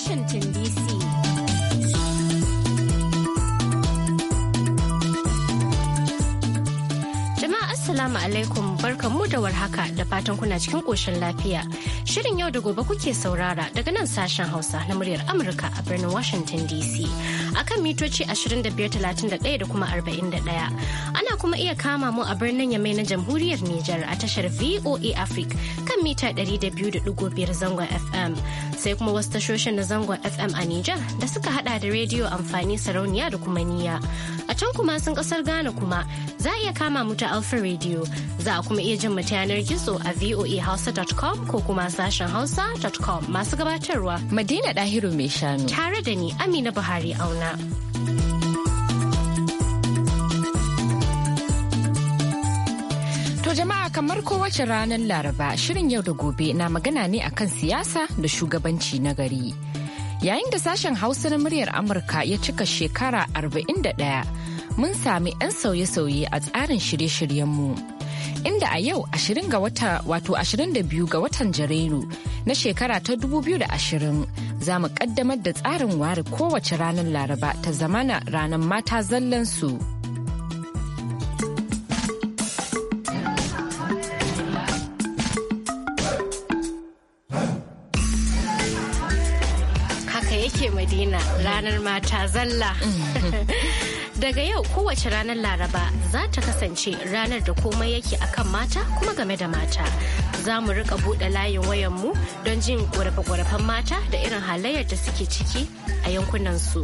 Washington DC. Jama'a Assalamu alaikum barkanmu da warhaka da fatan kuna cikin koshin lafiya. Shirin yau da gobe kuke saurara daga nan sashen Hausa na muryar Amurka a birnin Washington DC. Akan mitoci 31 da kuma 41. kuma iya kama mu a birnin Yamai na Jamhuriyar Nijar a tashar VOA Africa kan mita 200.5 zangon FM. Sai kuma wasu tashoshin na zangon FM a Nijar da suka hada da rediyo amfani sarauniya da kuma niya. A can kuma sun kasar Ghana kuma za a iya kama mu ta Alpha Radio. Za a kuma iya jin mu ta yanar gizo a voahausa.com ko kuma sashen hausa.com masu gabatarwa. Madina Dahiru mai shanu. Tare da ni Amina Buhari auna. Kamar kowace ranar Laraba shirin yau da gobe na magana ne akan siyasa da shugabanci na gari. Yayin da sashen Hausa na muryar Amurka ya cika shekara 41 mun sami 'yan sauye-sauye a tsarin shirye-shiryenmu. Inda a yau 20 ga wata wato 22 ga watan Janairu na shekara ta 2020 za mu kaddamar da tsarin ware kowace ranar Laraba ta zamana ranar mata zallan su. ranar mata zalla. Mm-hmm. Daga yau kowace ranar Laraba za ta kasance ranar da komai yake akan mata kuma game da mata. Za mu rika buɗe layin wayanmu don jin ƙorafe-ƙorafen mata da irin halayyar da suke ciki a yankunan su.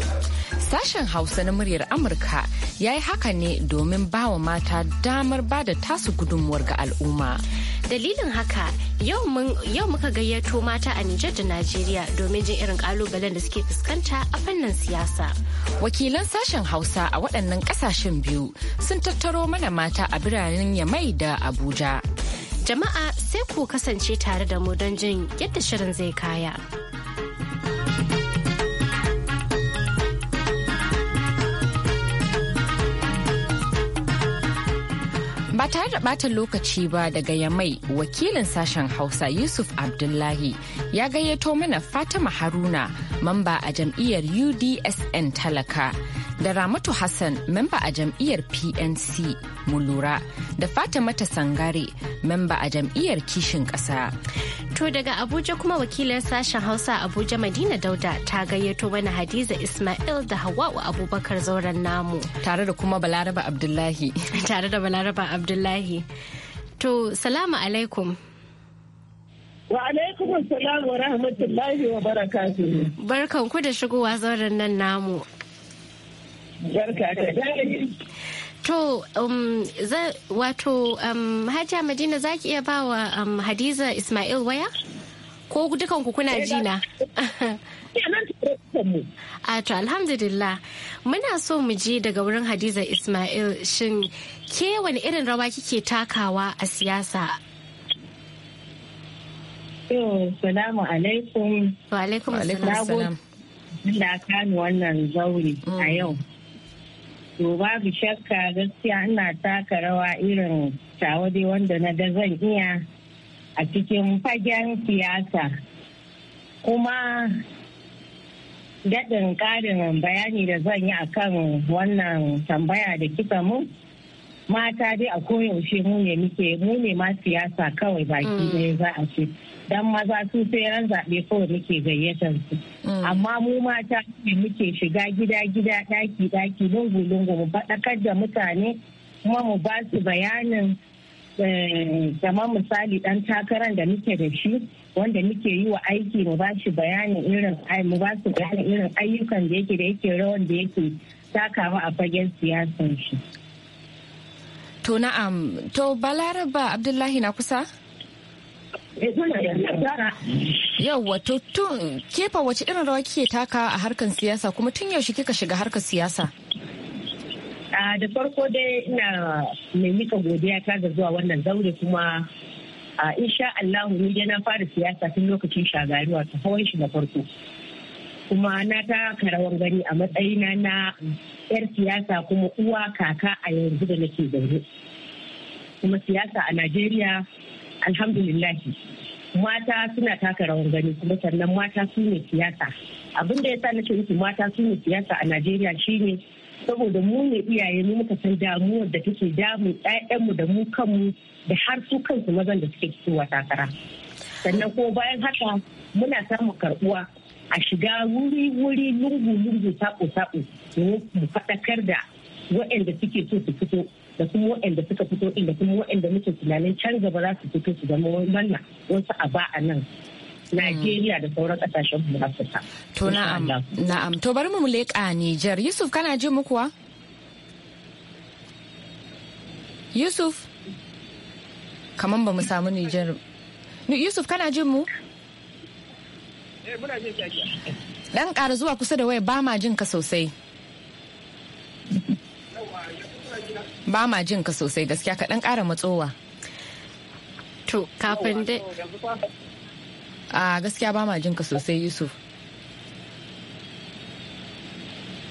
Sashen Hausa na muryar Amurka ya yi haka ne domin bawa mata damar ba da tasu gudunmuwar ga al'umma. Dalilin haka yau muka gayyato mata a Nijar da Najeriya domin jin irin kalubalen da suke fuskanta a fannin siyasa. Wakilan sashen Hausa a waɗannan ƙasashen biyu sun tattaro mana mata a biranen Yamai da Abuja. Jama'a sai ku kasance tare da mu don jin yadda shirin zai kaya. Ba tare da ɓata lokaci ba daga Yamai wakilin sashen Hausa Yusuf Abdullahi ya gayyato mana Fatima Haruna mamba a jam'iyyar UDSN talaka da Ramatu Hassan mamba a jam'iyyar PNC Mulura da Fatimata Sangare memba a jam'iyyar Kishin Ƙasa. To daga Abuja kuma wakilin sashen Hausa Abuja Madina Dauda ta gayyato wani Hadiza Ismail da Hawwa'u Abubakar zauren namu. Tare da kuma Balaraba Abdullahi. Tare da Balaraba Abdullahi. To salamu alaikum. Wa alaikum salam wa rahmatullahi wa barakatu. Barkan ku da shigowa zauren nan namu. Barka ta To, um, za, wato, um, Hajiya Madina za ki iya ba wa um, Hadiza Ismail waya? Ko dukanku kuna eh, jina? A to, alhamdulillah. Muna so mu ji daga wurin Hadiza Ismail shin ke wani irin rawa kike takawa a siyasa To, salamu alaikum. Wa alaikum salam. Da kanu wannan zauri a mm. yau. To babu shakka gaskiya ina taka rawa irin tawa wanda na da zan iya a cikin fagen siyasa. Kuma daɗin ƙarin bayani da zan yi akan wannan tambaya da kika mu mata dai a koyaushe mu ne muke mu ne ma siyasa kawai baki mm. ɗaya za a ce dan maza su sai ran zaɓe kawai muke gayyatar su mm. amma mu mata ne muke shiga gida gida ɗaki ɗaki lungu lungu mu faɗakar da mutane kuma mu ba su bayanin eh, kamar misali ɗan takarar da muke da shi wanda muke yi wa aiki mu ba shi bayanin irin mu ba su bayanin irin ayyukan da yake da yake rawan da yake takawa a fagen siyasan shi. To na'am, to Balaraba Abdullahi na kusa? Yau wato tun kefa wace irin rawa kike taka a harkar siyasa kuma tun yaushe kika shiga harkar siyasa? Da farko dai ina mai mika godiya ta ga zuwa wannan zaure kuma in a sha Allah ni dai na fara siyasa tun lokacin shagaruwa ta hawan shi na farko. Kuma na taka rawar gani a matsayina na 'yar siyasa kuma uwa kaka a yanzu da nake zaune. Kuma siyasa a Najeriya alhamdulillahi mata suna taka rawar gani kuma sannan mata su ne siyasa abin da ya sa nake musu mata su ne siyasa a najeriya shine saboda mu ne iyaye mu muka san damuwar da take damun mu da mu kanmu da har su kansu mazan da suke fitowa takara sannan ko bayan haka muna samun karbuwa a shiga wuri-wuri lungu-lungu sako-sako mu faɗakar da waɗanda suke so su fito da kuma waɗanda suka fito inda kuma waɗanda muke tunanin can gaba za su fito su zama wannan wasu a ba a nan Najeriya da sauran kasashen mu Afirka. To na'am, na'am. To bari mu leƙa Nijar. Yusuf kana jin mu kuwa? Yusuf, kaman ba mu samu Nijar. Yusuf kana jin mu? Eh, muna jin Dan ƙara zuwa kusa da waya ba ma jin ka sosai. ba ma jin ka sosai gaskiya ka dan kara matsowa to kafin dai a gaskiya ba ma jin ka sosai yusuf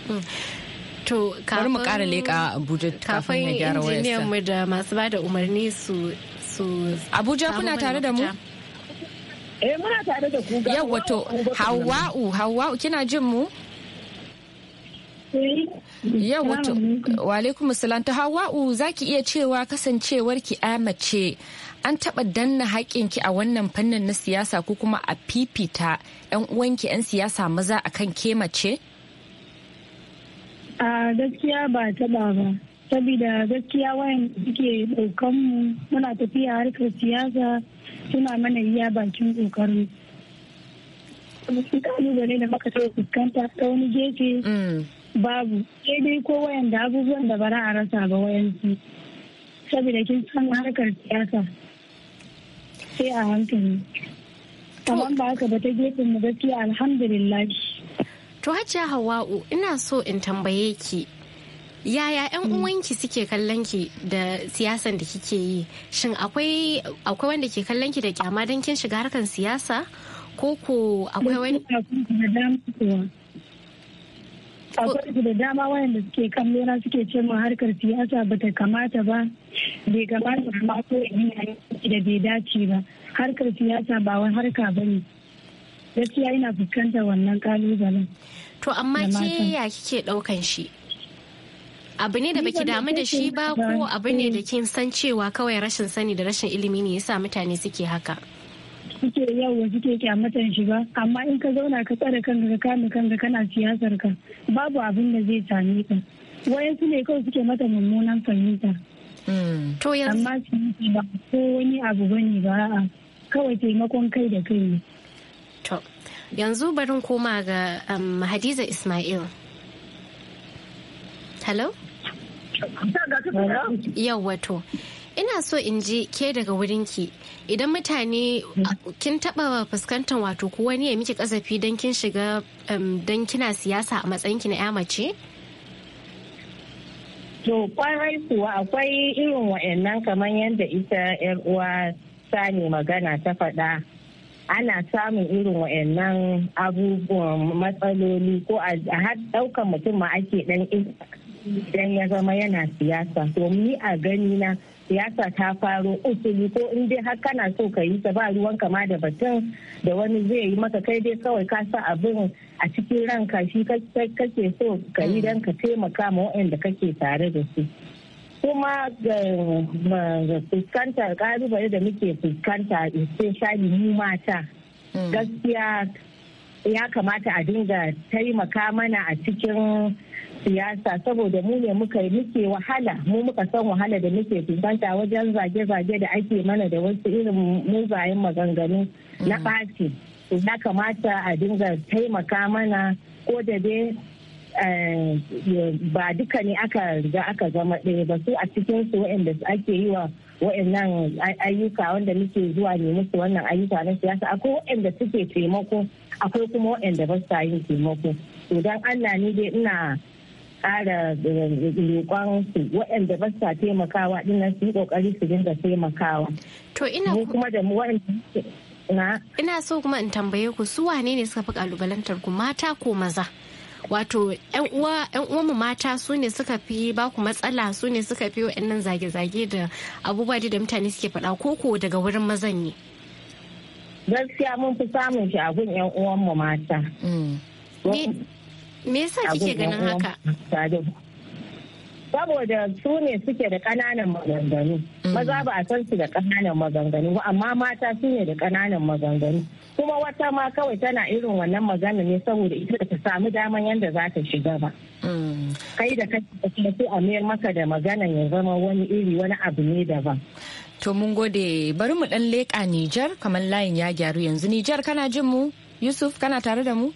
mm. To kafin mu kara leka Abuja kafin ya gyara wayarsa. Kafin mu da masu bada umarni su su Abuja kuna tare da mu? Eh muna tare da ku. yawa to hawa'u hawa'u kina jin mu? Eh. Yau wato walaikum salam ta Hawa'u zaki iya cewa kasancewarki ki mace an taɓa danna ki a wannan fannin na siyasa ko kuma a fifita 'yan uwanki 'yan siyasa maza a kan ke mace? A gaskiya ba taɓa ba. Saboda gaskiya wayan suke mu muna tafiya harkar siyasa suna mana iya bakin ƙoƙarin. Sun ƙalubale da muka fuskanta ta wani gefe mm. babu sai dai ko wayanda abubuwan da bara a rasa ba wayansu saboda kin san harkar siyasa sai a hankali amma ba haka ba ta gefen mu gaskiya alhamdulillah to hajjia hawa'u ina so in tambaye ki yaya 'yan mm. uwanki suke kallon ki da siyasan da kike yi shin akwai wanda ke kallon ki da kyama don kin shiga harkar siyasa ko ko akwai wani akwai da dama wayanda suke kallo na suke ce mu harkar siyasa bata kamata ba bai kamata ba ko da bai dace ba harkar siyasa ba wani harka bane gaskiya ina fuskantar wannan kalubalen to amma ke ya kike daukan shi abu ne da baki damu da shi ba ko abu ne da eh. kin san cewa kawai rashin sani da rashin ilimi ne yasa mutane suke haka suke yawa suke kyamatan shi ba amma in ka zauna ka tsare kanka ka kame kanka kana siyasar ka babu abin da zai same ka wayansu ne kawai suke mata mummunan fahimta hmm. to amma ba ko wani abu bane ba a kawai taimakon kai da kai ne to yanzu barin koma ga um, hadiza ismail hello yau wato ina so in ji ke daga wurinki idan mutane kin taba fuskantar wato ko wani ya miki kasafi don kin shiga don kina siyasa a matsayinki na 'ya mace? To kwarai kuwa akwai irin wa'annan kamar yadda ita 'yar uwa sani magana ta faɗa. Ana samun irin wa'annan abubuwan matsaloli ko a ɗaukan mutum ma ake ɗan idan ya zama yana siyasa. To ni a gani na siyasa ta faro usuli ko in dai har kana so ka yi ta ba ruwan kama da batun da wani zai yi maka kai dai kawai ka sa abin a cikin ranka shi kake so ka yi don ka taimaka ma waɗanda kake tare da su kuma ga fuskantar kalubale da muke fuskanta especially mu mata hmm. gaskiya ya kamata a dinga taimaka mana a cikin siyasa saboda mu ne muka muke wahala mu muka san wahala da muke fuskanta wajen zage-zage da ake mana da wasu irin muzayen maganganu na mm. ɓaci ya kamata a dinga taimaka mana ko da dai eh, ba duka ne aka riga aka zama ɗaya ba su a cikin su waɗanda ake yi wa waɗannan ayyuka wanda muke zuwa ne musu wannan ayyuka na siyasa akwai waɗanda suke taimako akwai kuma waɗanda ba sa yin taimako to don Allah ni dai ina ƙara roƙon eh, su waɗanda ba sa taimakawa dinnan su yi ƙoƙari su dinga taimakawa. To ina kuma da na ina so kuma in tambaye ku su wane ne suka fi kalubalantar ku mata ko maza? Wato yan uwa mu mata su ne suka fi ba ku matsala su ne suka fi waɗannan zage-zage da abubuwa da mutane suke faɗa ko ko daga wurin mazan ne. Gaskiya mun fi samun shi a gun yan mata. Mm. me yasa kike ganin haka saboda su ne suke da kananan maganganu mm. maza ba a san su da kananan maganganu amma mata su ne da kananan maganganu kuma wata ma kawai tana irin wannan magana ne saboda ita ta samu daman yadda za ta shiga ba mm. kai da kai sai a mayar maka da magana ya zama wani iri wani abu ne daban to mun gode bari mu dan leƙa Nijar kamar layin ya gyaru yanzu Nijar kana jin mu Yusuf kana tare da mu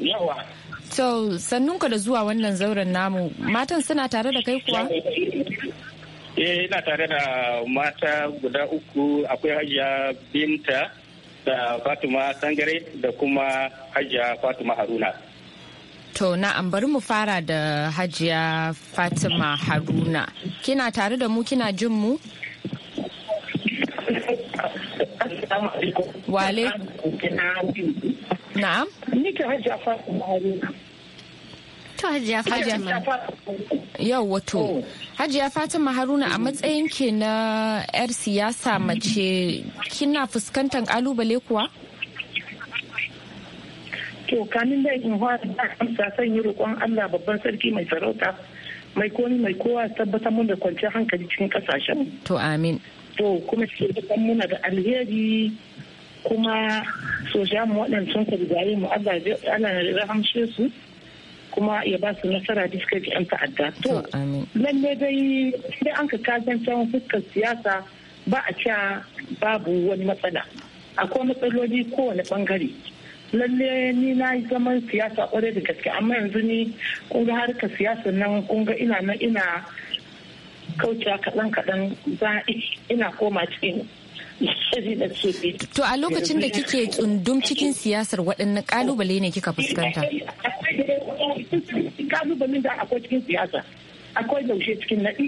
yawa so sannun ka da zuwa wannan zauren namu matan suna tare da kai kuwa eh ina tare da mata guda uku akwai hajiya binta da fatima sangare da kuma hajiya fatima haruna To na'am bari mu fara da Hajiya Fatima Haruna. Kina tare da mu kina jin mu? Wale. Na'am. Ni ke hajji Fatima Haruna. To Hajiya Fatima. Yau wato. Oh. Hajiya Fatima Haruna a matsayin ke na 'yar siyasa mace kina fuskantar kalubale kuwa? To kamin da in fara da amsa san yi roƙon Allah babban sarki mai sarauta mai koni mai kowa tabbatar mun da kwanciyar hankali cikin kasashen. To amin. To kuma shi muna da alheri kuma soja mu waɗancan ka rigaye mu ana rahamshe su kuma ya ba su nasara da suka ji an ta'adda. To, lallai dai sai an ka can fuskar siyasa ba a cewa babu wani matsala. Akwai matsaloli kowane bangare. lallai ni na yi zaman siyasa kwarai da gaske amma yanzu ni kunga harkar siyasa nan kunga ina nan ina kaucewa kaɗan-kaɗan za ina koma cikin To a lokacin da kike tsundum cikin siyasar waɗannan kalubale ne kika fuskanta? Kalubalen da akwai cikin siyasa, akwai yaushe cikin naɗi,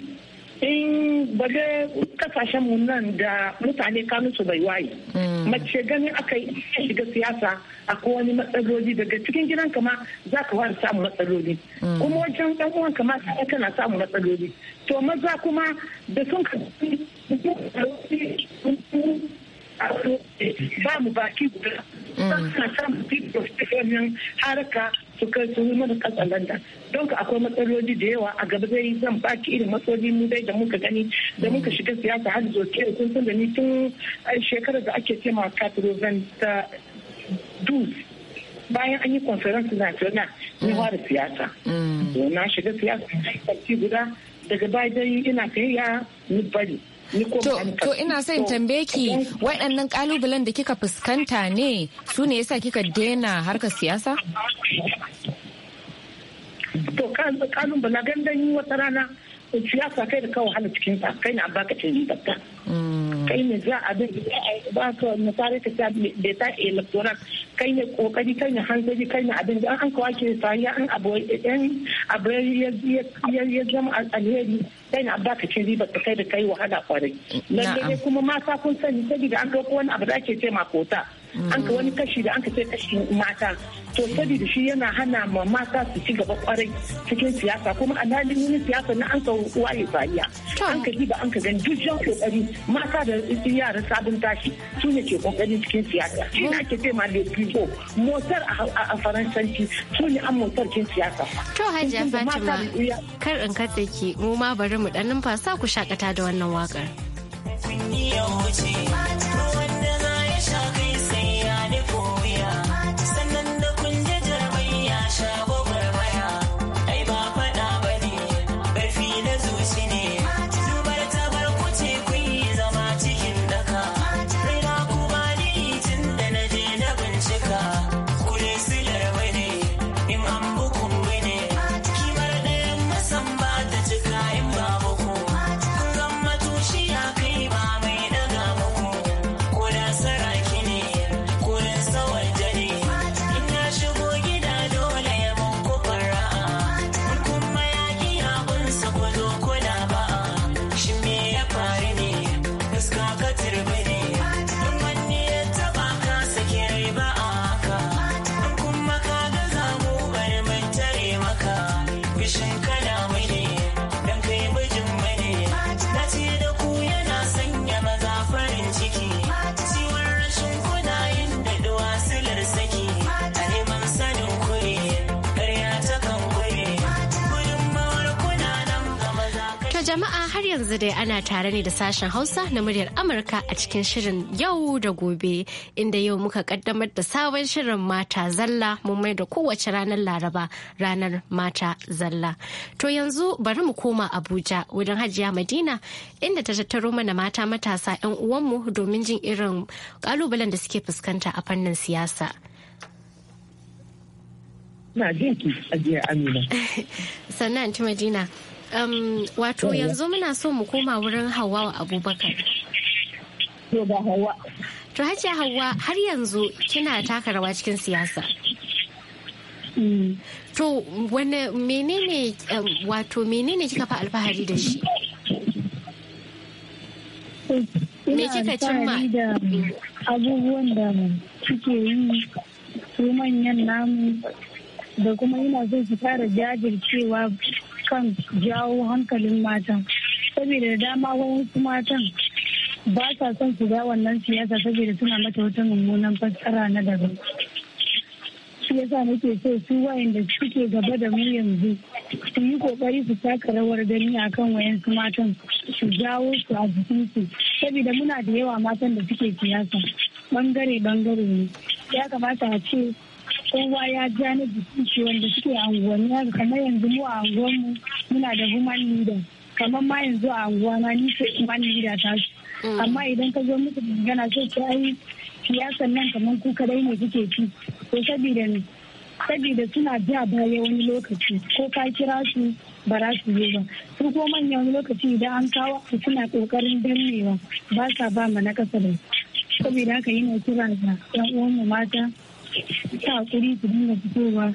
in baga kasashen mu nan da mutane su bai waye hmm. mace ganin aka yi shiga siyasa akwai wani matsaloli daga cikin gidan kama za ka wani samun matsaloli hmm. kuma wajen dan uwan kama sai kana samun matsaloli to maza kuma da sun ka ba mu baki guda suna mm. samun people su wannan haraka su kai su yi mana katsalanda don ka akwai matsaloli da yawa a gaba zai zan baki irin matsaloli mu dai da muka gani da muka shiga siyasa har zoke kun san da ni tun shekarar da ake ce ma katroventa bayan an yi conference national na mm. fara siyasa mm. na shiga siyasa na guda daga baya dai ina kai ya ni bari To ina son tambaye ki waɗannan ƙalubalen da kika fuskanta ne su ne yasa kika daina harkar siyasa? To kalubala gandan wata rana siyasa kai da kawo wahala cikin kai na baka ce ni kai ne za a bin ba ka misali ka ta electoral kai ne kokari kai ne hanzari kai ne abin da an kawo ke an abu yan abu ya zama alheri kai ne abda ka ce riba ka kai da kai wahala kwarai lalle kuma mata kun sani saboda an dauko wani abu da ake ce kota an ka wani kashi da an ka sai kashi mata to saboda shi yana hana ma mata su ci gaba kwarai cikin siyasa kuma a halin wani siyasa na an ka waye bariya an ka ba an ka gani duk jan kokari mata da yara sabon tashi su ne ke kokari cikin siyasa shi na ake ce ma le pivo motar a faransanci su ne an motar cikin siyasa to hajiya fatima kar in katse ki mu ma bari mu dan numfasa ku shakata da wannan wakar. Yau ce mata yanzu dai ana tare ne da sashen Hausa na muryar Amurka a cikin shirin yau da gobe inda yau muka kaddamar da sabon shirin mata zalla mun mai da kowace ranar Laraba ranar mata zalla. To yanzu bari mu koma Abuja wajen Hajiya Madina inda ta tattaro mana mata matasa 'yan uwanmu domin jin irin kalubalen da suke fuskanta a fannin siyasa. Sannan Um, wato yanzu muna so mu koma wurin hawa abubakar. To hajiya hawa har yanzu kina taka rawa cikin siyasa. Mm. To wane menene wato menene kika fa alfahari da shi? Me kika cimma? Abubuwan da kike yi su manyan namu da kuma yana zai su fara jajircewa kan jawo hankalin matan saboda dama wasu matan ba sa son su ga wannan siyasa saboda suna mata wata mummunan fassara na daga. shi yasa muke so su wayanda suke gaba da mu yanzu su yi kokari su taka rawar gani akan su matan su jawo su a jikin su saboda muna da yawa matan da suke siyasa bangare bangare ne ya kamata a ce kowa ya ja na jikin shi wanda suke unguwanni haka kamar yanzu mu a anguwanmu muna da human leader kamar ma yanzu a anguwana ni ce human leader ta su mm. amma idan ka zo musu gana sai ki yi siyasan nan kamar ku kadai ne kuke ci to saboda saboda suna ja baya wani lokaci ko ka kira su ba za su yi ba su ko manya wani lokaci idan an kawo su suna kokarin dannewa ba sa ba ma na kasa da saboda haka yana kira ga yan uwan mata ta hakuri su dinga fitowa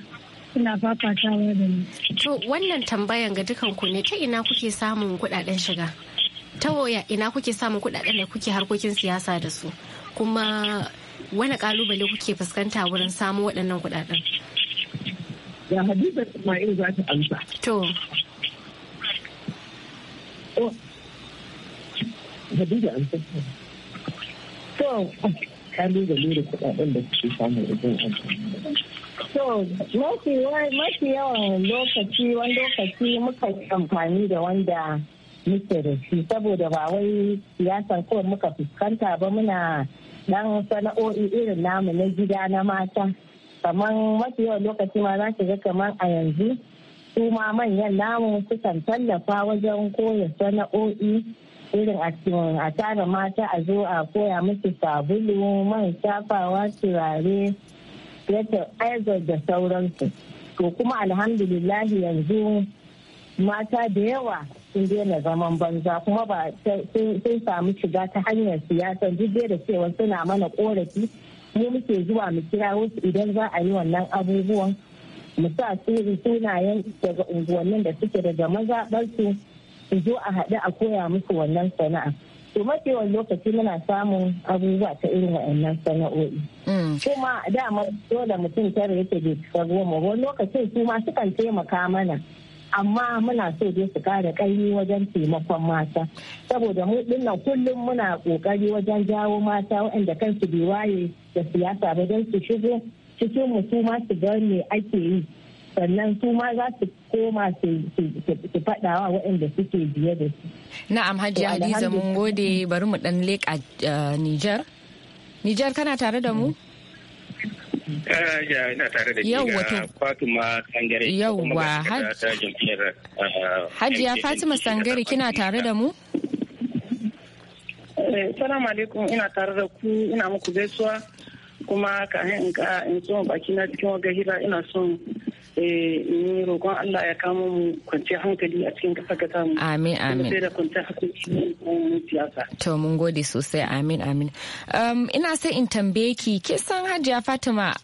suna fafatawa da ni. To wannan tambayan ga dukan ku ne ta ina kuke samun kudaden shiga? Ta waya ina kuke samun kudaden da kuke harkokin siyasa da su? Kuma wani kalubale kuke fuskanta wurin samu waɗannan kudaden. Ya Hadiza Ismail za ta amsa. To. Oh. Hadiza amsa. To, kalubale da kuɗaɗen da kuke samu da zai So, mafi yawan lokaci wani lokaci muka yi amfani da wanda muke da shi saboda ba wai siyasar kawai muka fuskanta ba muna dan sana'o'i irin namu na gida na mata kamar mafi yawan lokaci ma za ki ga kamar a yanzu su manyan namu sukan tallafa wajen koya sana'o'i irin a tara mata a zo a koya musu sabulu man shafawa turare yadda aizar da sauransu to kuma alhamdulillahi yanzu mata da yawa sun daina zaman banza kuma ba sun samu shiga ta hanyar siyasa duk da cewa suna mana korafi mu muke zuwa mu kira wasu idan za a yi wannan abubuwan mu sa sunayen daga unguwannin da suke daga mazaɓarsu su zo a haɗu a koya musu wannan sana'a to mafi yawan lokaci muna samun abubuwa ta irin wa'annan sana'o'i mm. kuma dama dole mutum tara yake bai cika goma wani lokacin su ma sukan taimaka mana amma muna so dai su kara ƙarfi wajen taimakon mata saboda mu dinnan kullum muna ƙoƙari wajen jawo mata waɗanda kansu bai waye da siyasa ba don su shigo cikin mu su gani me ake yi sannan su ma za su koma su faɗawa waɗanda suke biye da su. Na'am Hajji Hadiza mun gode bari mu ɗan leƙa uh, Nijar. Nijar kana tare da mu? Eh, Yauwa to Fatima Sangare uh, Fatima Sangare kina tare da mu eh, Salamu alaikum ina tare da ku ina muku gaisuwa kuma ka in ka in so baki na cikin waga hira ina son Eh, ni roƙon Allah ya kama mu kwanciyar hankali a cikin ƙasar ka mu. Amin amin. Sai da kwanciyar hankali mun siyasa. To mun gode sosai amin amin. Um, ina sai in tambaye ki ke san Hajiya Fatima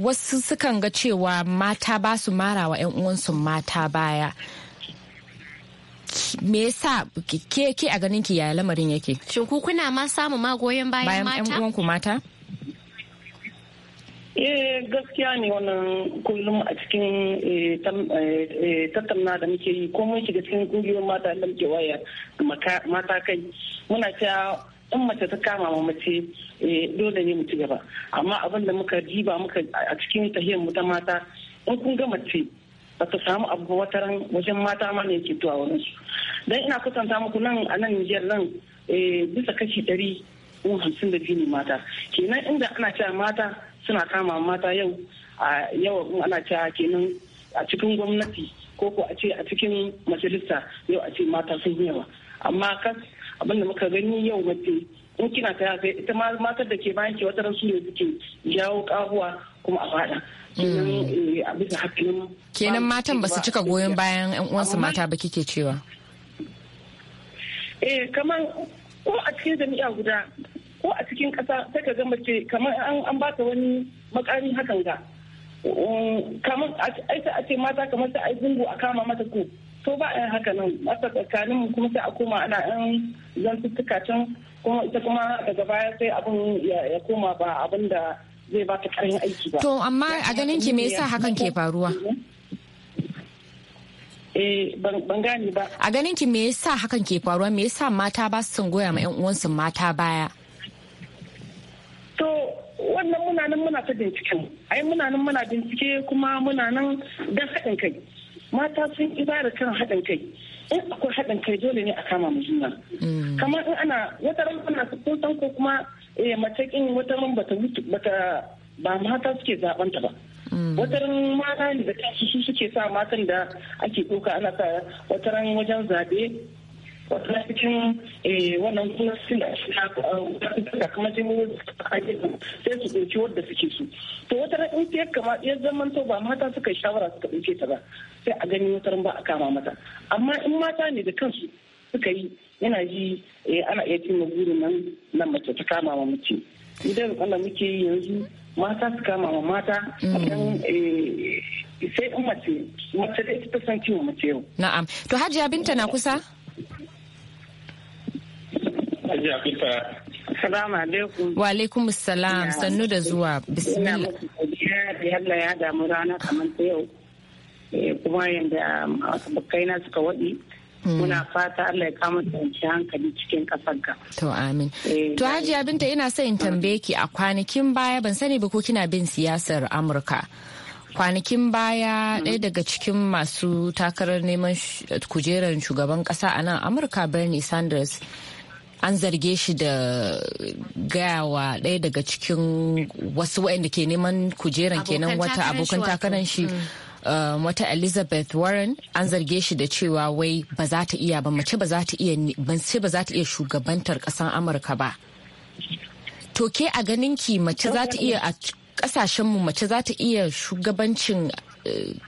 wasu sukan ga cewa mata ba su marawa 'yan uwansu mata baya. me yasa ke ke a ganin ki yaya lamarin yake shin ku kuna ma samu magoyan bayan mata bayan uwanku mata eh gaskiya ne wannan kullum a cikin eh, eh, eh, tattauna da muke yi ko mun shiga cikin kungiyoyin mata da muke waya mata kai muna cewa in mace ta kama ma mace dole ne mu ci gaba amma abin da muka jiba muka a cikin tahiyar mu ta mata in kun ga mace ba ta samu abu wata wajen mata ma ne ke tuwa wurin su dan ina kusanta muku nan a nan Nijar nan bisa kashi ɗari hamsin da biyu ne mata kenan inda ana cewa mata suna kama mata yau a yawa ana ce kenan a cikin gwamnati ko ko a ce a cikin majalisa yau a ce mata sun yawa amma kan abin da muka gani yau mace in kina ta kai ita ma matar da ke bayan ke wata su ne suke jawo kahuwa kuma a fada kenan eh, matan ba su cika goyon bayan yan uwansu mata ba kike cewa eh kamar ko a cikin jami'a guda ko a cikin ƙasa sai ka ga mace kamar an ba ta wani makarin hakan ga um, kamar a ce mata kamar sai a yi a kama mata ko to ba a haka nan masa tsakanin kuma sai a koma ana yan zantuttuka can kuma ita kuma daga baya sai abin ya koma ba abin da zai ba ta karin aiki ba to amma a ganin ki me yasa hakan ke faruwa eh ban gane ba a ganin ki me yasa hakan ke faruwa me yasa mata ba su son goya ma yan uwansu mata baya to wannan muna nan muna ta binciken ai muna nan muna bincike kuma muna nan don haɗin kai mata sun ibara kan haɗin kai in akwai haɗin kai dole ne a kama mu juna mm. kamar in ana wata ran ana kun san ko kuma eh, mace kin wata ran bata bata ba mata suke zaben ta ba mm. wata ran mata ne da kansu su suke sa matan da ake ɗauka ana sa wata ran wajen zabe na cikin wannan gwamnati na suna kamar jini sai su ɗauki wadda suke su to wata in ta kama ya zaman to ba mata suka yi shawara suka ɗauke ta ba sai a gani wata ba a kama mata amma in mata ne da kansu suka yi yana ji ana iya cimma burin nan na mace ta kama ma mace idan wanda muke yi yanzu mata su kama ma mata sai mm. eh, in mace mace da ita ta san kiwo mace yau na'am to hajiya binta na kusa Salamu alaikum. Wa alaikum salam sannu da zuwa bismillah. Allah ya damu rana kamar ta yau. Eh, kuma yadda um, na suka waɗi. Hmm. Muna fata Allah ya kama tsanci hankali cikin ƙasar ga. To amin. Eh, to Hajiya Binta ina so in tambaye ki a kwanakin baya ban sani ba ko kina bin siyasar Amurka. kwanakin baya hmm. ɗaya daga cikin masu takarar neman kujerar shugaban ƙasa a nan amurka bernie sanders an zarge shi da gayawa ɗaya daga cikin wasu wa'anda ke neman kujeran kenan wata abokan takarar shi mm. um, wata elizabeth warren an zarge shi da cewa wai ba za ta iya ba mace ba za ta iya shugabantar kasan amurka ba to ke a ganin ki mace za ta iya a mu mace za ta iya shugabancin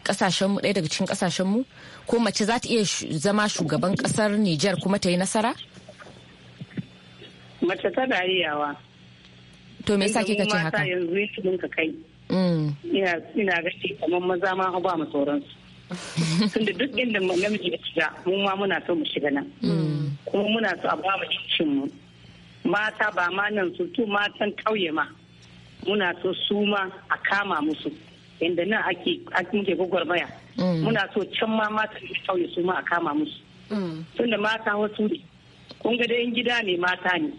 kasashenmu eh, ɗaya daga cikin mu ko mace za ta iya zama shugaban kasar niger kuma ta yi nasara mace tana iyawa to me yasa kika ce haka yanzu yi mun ka kai mm. ina ina gashi kamar maza ma ba mu tsoron su tunda duk inda namiji ya shiga mun ma muna so mu shiga nan mm. kuma muna so a ba mu incin mu mata ba ma nan su tu matan kauye ma muna so su ma a kama musu inda nan ake ake gwagwarmaya mm. muna so can ma matan kauye su ma a kama musu tunda mata wasu ne kun ga dai gida ne mata ne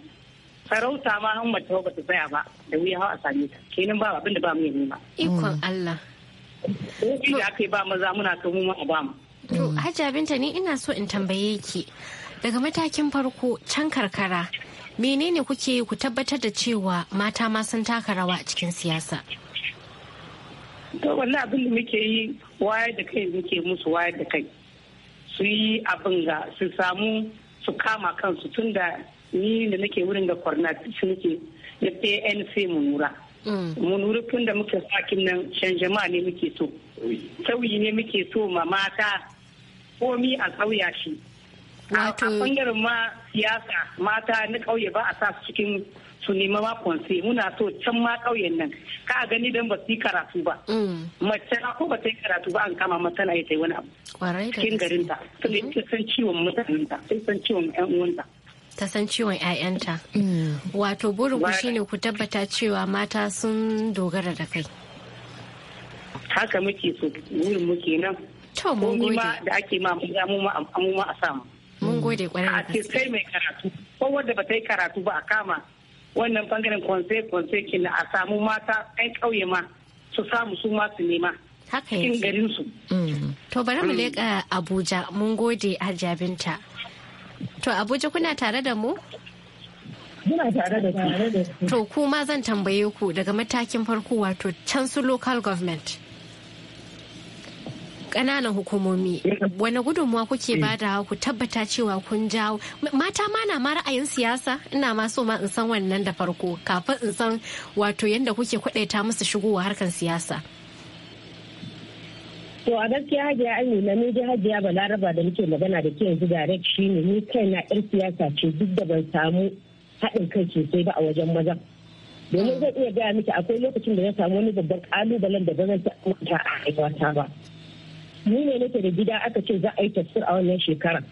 sarauta ma an mace ba ta tsaya ba da wuya hawa a same ta kenan ba abin ba mu nema ikon Allah ko da aka ba maza muna ta mu a ba mu to hajja binta ni ina so in tambaye ki daga matakin farko can karkara menene kuke yi ku tabbatar da cewa mata ma sun taka rawa a cikin siyasa to wannan abin da muke yi wayar da kai muke musu wayar da kai su yi abin ga su samu su kama kansu tun da ni da nake wurin ga kwarnat su nake ya pnc munura munura mm. tun da muke sakin nan canjama ne muke so sauyi ne muke so ma mata komi a sauya shi a bangaren ma siyasa mata na kauye ba a sa su cikin su nema ma kwanse muna so can ma kauyen nan ka gani dan ba su yi karatu ba mm. mace ko ba ta yi karatu ba an kama mata na yi ta yi wani abu cikin garinta sun mm. ciwon mutanenta sun ciwon yan ta san ciwon 'ya'yanta mm. wato burin ku shine ku tabbata cewa mata sun dogara da kai haka muke so wurin muke nan to mun gode da ake ma mun ga mu ma a samu mun gode kwarai da gaske a kai mai karatu ko wanda ba ta yi karatu ba a kama wannan bangaren konse konse kin a samu mata ɗan ƙauye ma su samu su ma su nema haka yake cikin garin su mm. to bari mu mm. leka Abuja mun gode Hajiya Binta To Abuja kuna tare da mu? Muna tare da ku. To kuma zan tambaye ku daga matakin farko wato can su local government. Ƙananan hukumomi, wani gudunmuwa kuke ba eh. bada ku tabbata cewa kun jawo mata ma na ma ra'ayin siyasa ina ma so ma in san wannan da farko kafin in san wato yadda kuke kwadaita musu shigowa harkar siyasa. To a gaskiya hajiya Amina ni dai hajiya Balaraba da muke magana da ke yanzu direct shi ne ni na yar siyasa ce duk da ban samu haɗin kai sai ba a wajen maza. Domin zan iya gaya miki akwai lokacin da ya samu wani babban kalubalen da ba zan ta a aiwata ba. Ni ne nake da gida aka ce za a yi tafsir a wannan shekarar.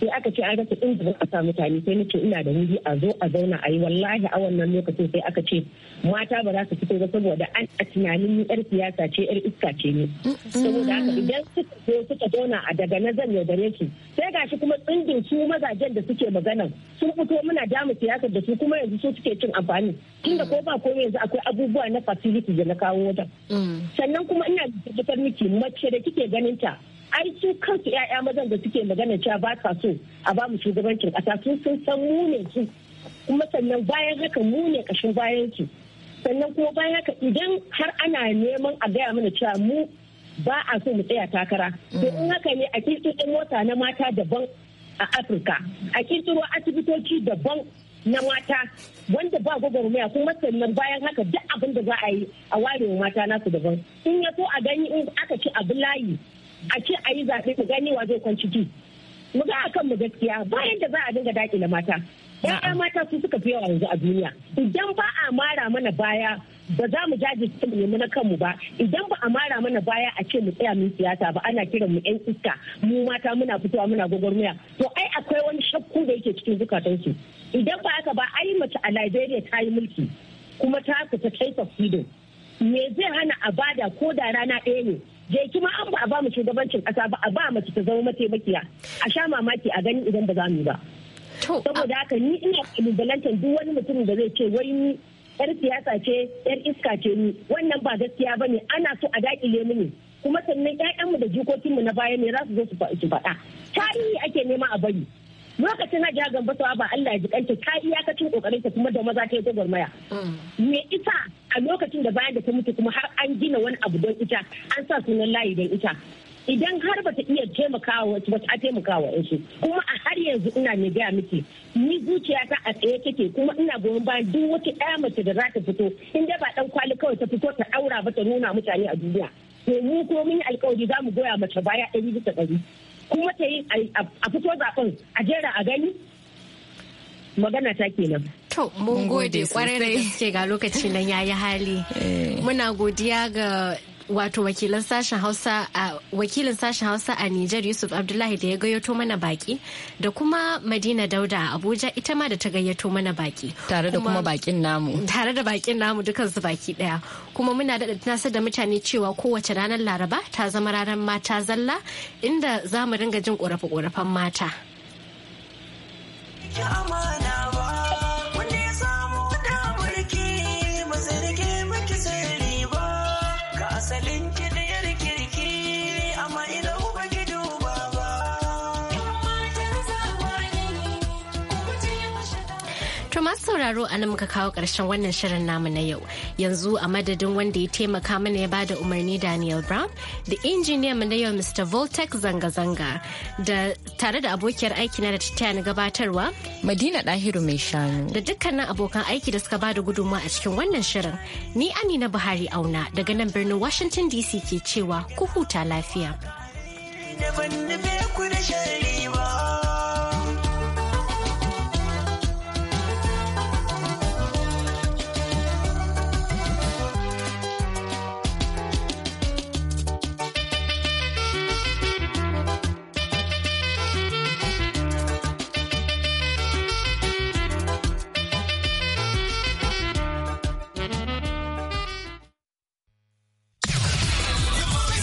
sai aka ce an rasa inda za a sa mutane sai nace ina da wuri a zo a zauna a yi wallahi a wannan lokacin sai aka ce mata ba za su fito ba saboda an a tunanin ni yar siyasa ce yar iska ce ne saboda haka idan suka zo suka zauna a daga na zan yaudare su sai gashi kuma tsindin su mazajen da suke maganan sun fito muna damu siyasar da su kuma yanzu su suke cin amfani tunda ko ba ko yanzu akwai abubuwa na facility da na kawo wajen mm. sannan kuma ina tabbatar miki mace da kike ganin ta ai su kansu ya'ya mazan da suke magana cewa ba sa so a ba mu shugabancin ƙasa sun san san mu ne su kuma sannan bayan haka mu ne ƙashin bayan su sannan kuma bayan haka idan har ana neman a gaya mana cewa mu ba a so mu tsaya takara to in haka ne a kirkiro mota na mata daban a afirka a kirkiro asibitoci daban na mata wanda ba gwagwarmaya kuma sannan bayan haka duk abin da za a yi a ware mata nasu daban in ya so a gani in aka ci abu layi a ce a yi zaɓe ku gani wa zai kwanci ki mu ga akan mu gaskiya bayan da za a dinga dakile mata ya'ya mata su suka fi yawa yanzu a duniya idan ba a mara mana baya ba za mu jajirce mu nemi na kanmu ba idan ba a mara mana baya a ce mu tsaya min siyasa ba ana kiran mu yan iska mu mata muna fitowa muna gwagwarmaya to ai akwai wani shakku da yake cikin zukatansu idan ba haka ba ai mace a Liberia ta yi mulki kuma ta fita kai freedom me zai hana a bada ko da rana ɗaya ne je kuma an ba a ba mu shugabancin kasa ba a ba mace ta zama mataimakiya a sha mamaki a gani idan ba za mu ba saboda haka ni ina kalubalantar duk wani mutum da zai ce wai ni yar siyasa ce yar iska ce ni wannan ba gaskiya ba ne ana so a dakile ne kuma sannan 'ya'yanmu da jikokinmu na baya ne za su zo su faɗa tarihi ake nema a bari lokacin hajiya gamba ta ba Allah ya ji kanta ta iyakacin kokarin ta kuma da maza ta yi maya me ita a lokacin da bayan da ta mutu kuma har an gina wani abu don ita an sa sunan layi don ita idan har ba ta iya taimakawa wasu ba ta taimakawa wasu kuma a har yanzu ina mai gaya miki ni ta a tsaye take kuma ina goyon bayan duk wata ɗaya mace da za ta fito in dai ba ɗan kwali kawai ta fito ta ɗaura ba ta nuna mutane a duniya to mu ko mun yi alkawari za mu goya mace baya ɗari bisa ɗari kuma ta yi a fito zaɓen a jera a gani magana ta kenan. mun gode kwarai da ga lokaci nan yayi hali. Eh. Muna godiya ga wato wakilin sashen hausa a wakilin sashen hausa a Nijar Yusuf Abdullahi da ya gayyato mana baki da kuma Madina Dauda a Abuja ita ma da ta gayyato mana baki tare da kuma bakin namu tare da bakin namu dukan su baki daya kuma muna da tunasar da mutane cewa kowace ranar Laraba ta zama ranar mata zalla inda za mu ringa jin korafe-korafen mata. To masu sauraro a nan muka kawo ƙarshen wannan shirin namu na yau. Yanzu a madadin wanda ya taimaka mana ya bada umarni Daniel Brown da injiniyan mu na yau Mr. Voltec zanga-zanga da tare da abokiyar aiki na da na gabatarwa. Madina Dahiru mai shanu. Da dukkanin abokan aiki da suka bada gudunmawa a cikin wannan shirin. Ni Amina Buhari Auna daga nan birnin Washington DC ke cewa ku huta lafiya.